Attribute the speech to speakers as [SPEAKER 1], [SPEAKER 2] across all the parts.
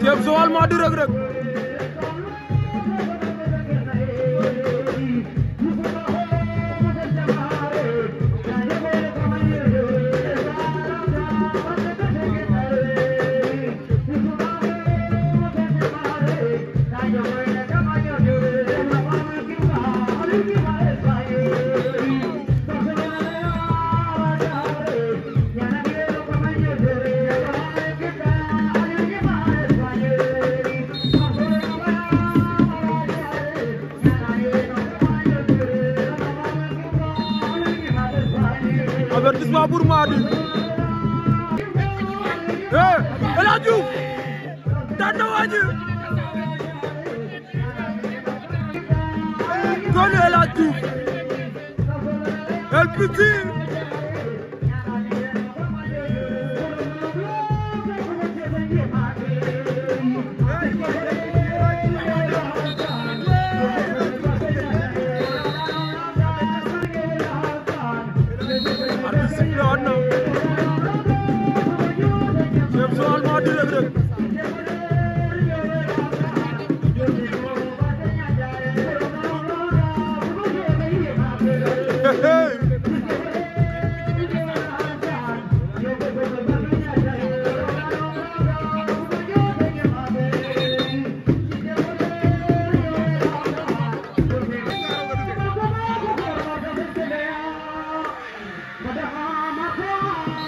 [SPEAKER 1] Diop Joal moo di Reug Reug avertissement pour Mady eh El Hadj Diouf daan na waa ji doon El Hadj Lord, no.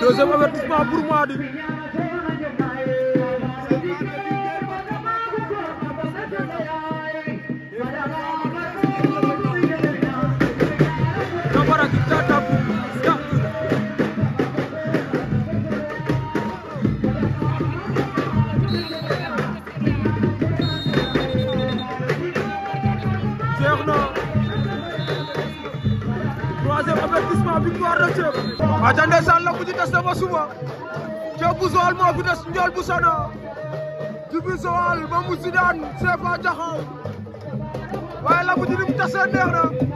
[SPEAKER 1] deuxième avertissement pour Mady Attendez ça, là, vous dites ça, moi, souvent. J'ai besoin de moi, vous êtes une gueule, vous ça, non. Tu veux ça, moi, vous dites, c'est pas de la rame. Ouais, là, vous dites, vous êtes un nerf,